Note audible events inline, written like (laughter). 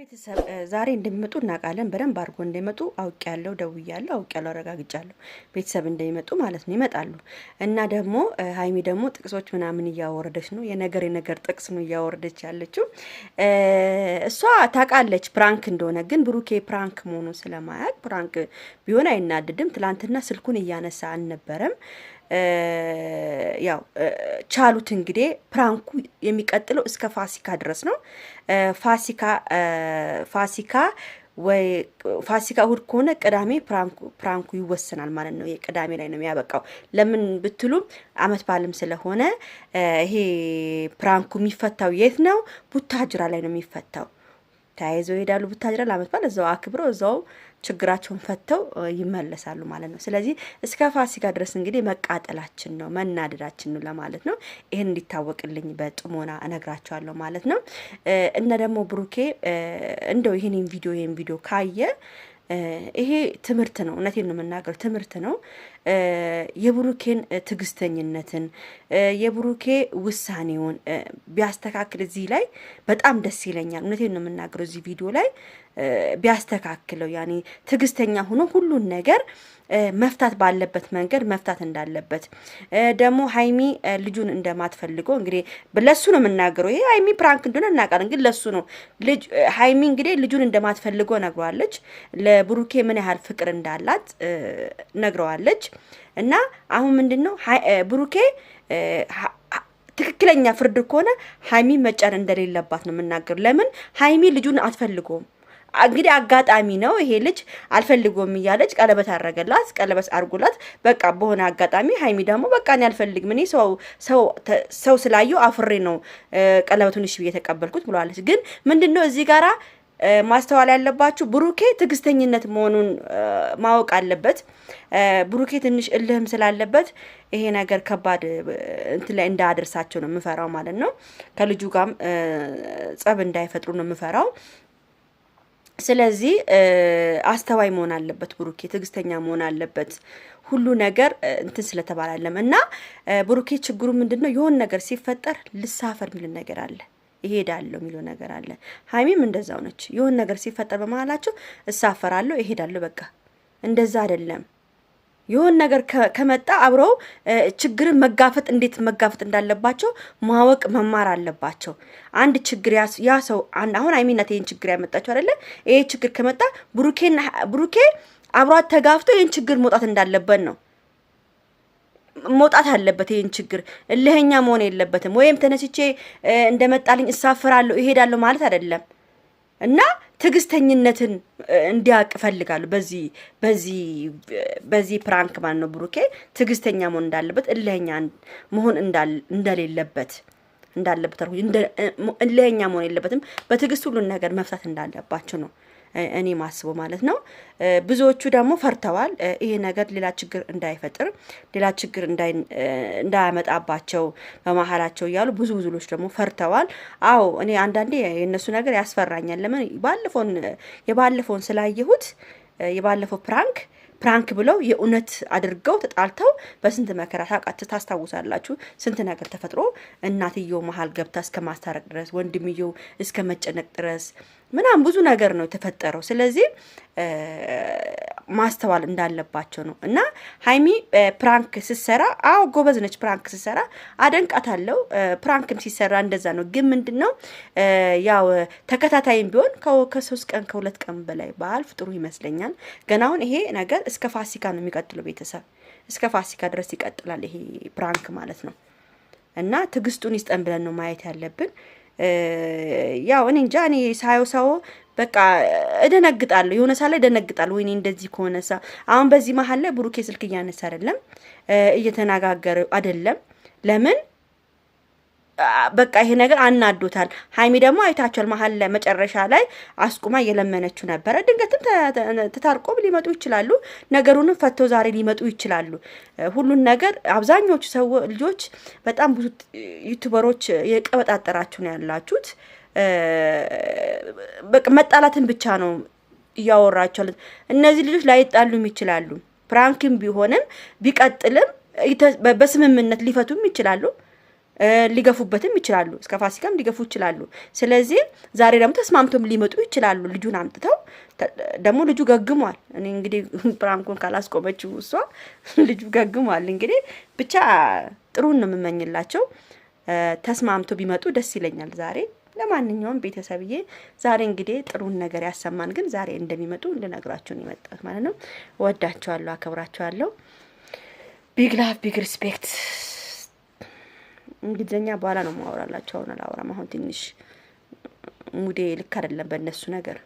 ቤተሰብ ዛሬ እንደሚመጡ እናውቃለን። በደንብ አድርጎ እንደሚመጡ አውቄያለሁ፣ ደውያለሁ፣ አውቄያለሁ፣ አረጋግጫለሁ። ቤተሰብ እንደሚመጡ ማለት ነው። ይመጣሉ እና ደግሞ ሀይሚ ደግሞ ጥቅሶች ምናምን እያወረደች ነው፣ የነገር የነገር ጥቅስ ነው እያወረደች ያለችው። እሷ ታውቃለች ፕራንክ እንደሆነ፣ ግን ብሩኬ ፕራንክ መሆኑን ስለማያውቅ ፕራንክ ቢሆን አይናድድም። ትላንትና ስልኩን እያነሳ አልነበረም። ያው ቻሉት እንግዲህ ፕራንኩ የሚቀጥለው እስከ ፋሲካ ድረስ ነው። ፋሲካ ፋሲካ ወይ ፋሲካ እሁድ ከሆነ ቅዳሜ ፕራንኩ ይወሰናል ማለት ነው። የቅዳሜ ላይ ነው የሚያበቃው። ለምን ብትሉ አመት በዓልም ስለሆነ ይሄ ፕራንኩ የሚፈታው የት ነው? ቡታጅራ ላይ ነው የሚፈታው። ተያይዘው ይሄዳሉ። ቡታጅራ ለአመት በዓል እዛው አክብሮ እዛው ችግራቸውን ፈተው ይመለሳሉ ማለት ነው። ስለዚህ እስከ ፋሲካ ድረስ እንግዲህ መቃጠላችን ነው መናደዳችን ነው ለማለት ነው። ይህን እንዲታወቅልኝ በጥሞና እነግራቸዋለሁ ማለት ነው። እነ ደግሞ ብሩኬ እንደው ይህንን ቪዲዮ ይህን ቪዲዮ ካየ ይሄ ትምህርት ነው። እውነቴን ነው የምናገረው፣ ትምህርት ነው። የብሩኬን ትግስተኝነትን የብሩኬ ውሳኔውን ቢያስተካክል እዚህ ላይ በጣም ደስ ይለኛል። እውነቴን ነው የምናገረው። እዚህ ቪዲዮ ላይ ቢያስተካክለው ያኔ ትግስተኛ ሆኖ ሁሉን ነገር መፍታት ባለበት መንገድ መፍታት እንዳለበት ደግሞ ሀይሚ ልጁን እንደማትፈልገው እንግዲህ ለሱ ነው የምናገረው። ይሄ ሀይሚ ፕራንክ እንደሆነ እናውቃለን፣ ግን ለሱ ነው ሀይሚ እንግዲህ ልጁን እንደማትፈልገው ነግረዋለች። ለብሩኬ ምን ያህል ፍቅር እንዳላት ነግረዋለች። እና አሁን ምንድን ነው ብሩኬ ትክክለኛ ፍርድ ከሆነ ሀይሚ መጫን እንደሌለባት ነው የምናገሩ። ለምን ሀይሚ ልጁን አትፈልጎም? እንግዲህ አጋጣሚ ነው ይሄ ልጅ አልፈልጎም እያለች ቀለበት አረገላት፣ ቀለበት አርጉላት። በቃ በሆነ አጋጣሚ ሀይሚ ደግሞ በቃ እኔ አልፈልግም እኔ ሰው ስላየው አፍሬ ነው ቀለበቱን እሺ ብዬ የተቀበልኩት ብለዋለች። ግን ምንድን ነው እዚህ ጋራ ማስተዋል ያለባችሁ ብሩኬ ትዕግስተኝነት መሆኑን ማወቅ አለበት። ብሩኬ ትንሽ እልህም ስላለበት ይሄ ነገር ከባድ እንትን ላይ እንዳያደርሳቸው ነው የምፈራው ማለት ነው። ከልጁ ጋም ጸብ እንዳይፈጥሩ ነው የምፈራው። ስለዚህ አስተዋይ መሆን አለበት ብሩኬ፣ ትዕግስተኛ መሆን አለበት። ሁሉ ነገር እንትን ስለተባላለም እና ብሩኬ ችግሩ ምንድን ነው? የሆን ነገር ሲፈጠር ልሳፈር የሚልን ነገር አለ ይሄዳለሁ የሚለው ነገር አለ። ሀይሚም እንደዛው ነች። የሆን ነገር ሲፈጠር በመሀላቸው እሳፈራለሁ፣ ይሄዳለሁ፣ በቃ እንደዛ አይደለም። የሆን ነገር ከመጣ አብረው ችግርን መጋፈጥ እንዴት መጋፈጥ እንዳለባቸው ማወቅ መማር አለባቸው። አንድ ችግር ያ ሰው አሁን ሀይሚናት ይህን ችግር ያመጣቸው አይደለ? ይሄ ችግር ከመጣ ብሩኬ አብሯት ተጋፍቶ ይህን ችግር መውጣት እንዳለበት ነው መውጣት አለበት። ይህን ችግር እልህኛ መሆን የለበትም። ወይም ተነስቼ እንደመጣልኝ እሳፍራለሁ እሄዳለሁ ማለት አይደለም እና ትዕግስተኝነትን እንዲያውቅ እፈልጋለሁ። በዚህ በዚህ በዚህ ፕራንክ ማለት ነው ብሩኬ ትዕግስተኛ መሆን እንዳለበት እልህኛ መሆን እንደሌለበት እንዳለበት እልህኛ መሆን የለበትም። በትዕግስት ሁሉን ነገር መፍታት እንዳለባቸው ነው እኔ ማስበው ማለት ነው። ብዙዎቹ ደግሞ ፈርተዋል። ይሄ ነገር ሌላ ችግር እንዳይፈጥር፣ ሌላ ችግር እንዳያመጣባቸው በመሀላቸው እያሉ ብዙ ብዙ ሎች ደግሞ ፈርተዋል። አዎ እኔ አንዳንዴ የእነሱ ነገር ያስፈራኛል። ለምን ባለፈውን የባለፈውን ስላየሁት የባለፈው ፕራንክ ፕራንክ ብለው የእውነት አድርገው ተጣልተው በስንት መከራ ታቃት ታስታውሳላችሁ። ስንት ነገር ተፈጥሮ እናትየው መሀል ገብታ እስከ ማስታረቅ ድረስ ወንድምየው እስከ መጨነቅ ድረስ ምናምን ብዙ ነገር ነው የተፈጠረው። ስለዚህ ማስተዋል እንዳለባቸው ነው እና ሀይሚ ፕራንክ ስትሰራ፣ አዎ ጎበዝ ነች። ፕራንክ ስትሰራ አደንቃታለሁ። ፕራንክም ሲሰራ እንደዛ ነው። ግን ምንድን ነው ያው ተከታታይም ቢሆን ከሶስት ቀን ከሁለት ቀን በላይ በአልፍ ጥሩ ይመስለኛል። ገና አሁን ይሄ ነገር እስከ ፋሲካ ነው የሚቀጥለው። ቤተሰብ እስከ ፋሲካ ድረስ ይቀጥላል ይሄ ፕራንክ ማለት ነው እና ትዕግስቱን ይስጠን ብለን ነው ማየት ያለብን። ያው እኔ እንጃ እኔ ሳየው ሰው በቃ እደነግጣለሁ። የሆነ ሳ ላይ እደነግጣለሁ። ወይኔ እንደዚህ ሳ አሁን በዚህ መሀል ላይ ብሩኬ ስልክ እያነሳ አይደለም፣ እየተነጋገረ አይደለም። ለምን በቃ ይሄ ነገር አናዶታል። ሀይሚ ደግሞ አይታቸዋል። መሀል መጨረሻ ላይ አስቁማ እየለመነችው ነበረ። ድንገትም ተታርቆም ሊመጡ ይችላሉ። ነገሩንም ፈቶ ዛሬ ሊመጡ ይችላሉ። ሁሉን ነገር አብዛኞቹ ሰው ልጆች በጣም ብዙ ዩቱበሮች የቀበጣጠራችሁ ነው ያላችሁት። በቃ መጣላትን ብቻ ነው እያወራቸዋል። እነዚህ ልጆች ላይጣሉም ይችላሉ። ፕራንክም ቢሆንም ቢቀጥልም በስምምነት ሊፈቱም ይችላሉ። ሊገፉበትም ይችላሉ። እስከ ፋሲካም ሊገፉ ይችላሉ። ስለዚህ ዛሬ ደግሞ ተስማምቶም ሊመጡ ይችላሉ። ልጁን አምጥተው ደግሞ ልጁ ገግሟል። እኔ እንግዲህ (laughs) ፕራንኩን ካላስቆመችው እሷ (laughs) ልጁ ገግሟል። እንግዲህ ብቻ ጥሩን ነው የምመኝላቸው። ተስማምቶ ቢመጡ ደስ ይለኛል ዛሬ። ለማንኛውም ቤተሰብዬ ዛሬ እንግዲህ ጥሩን ነገር ያሰማን። ግን ዛሬ እንደሚመጡ እንድነግራችሁን የመጣሁት ማለት ነው። ወዳችኋለሁ፣ አከብራችኋለሁ። ቢግ ላቭ ቢግ ሪስፔክት እንግሊዝኛ በኋላ ነው ማወራላቸው። አሁን አላወራም። አሁን ትንሽ ሙዴ ልክ አይደለም በእነሱ ነገር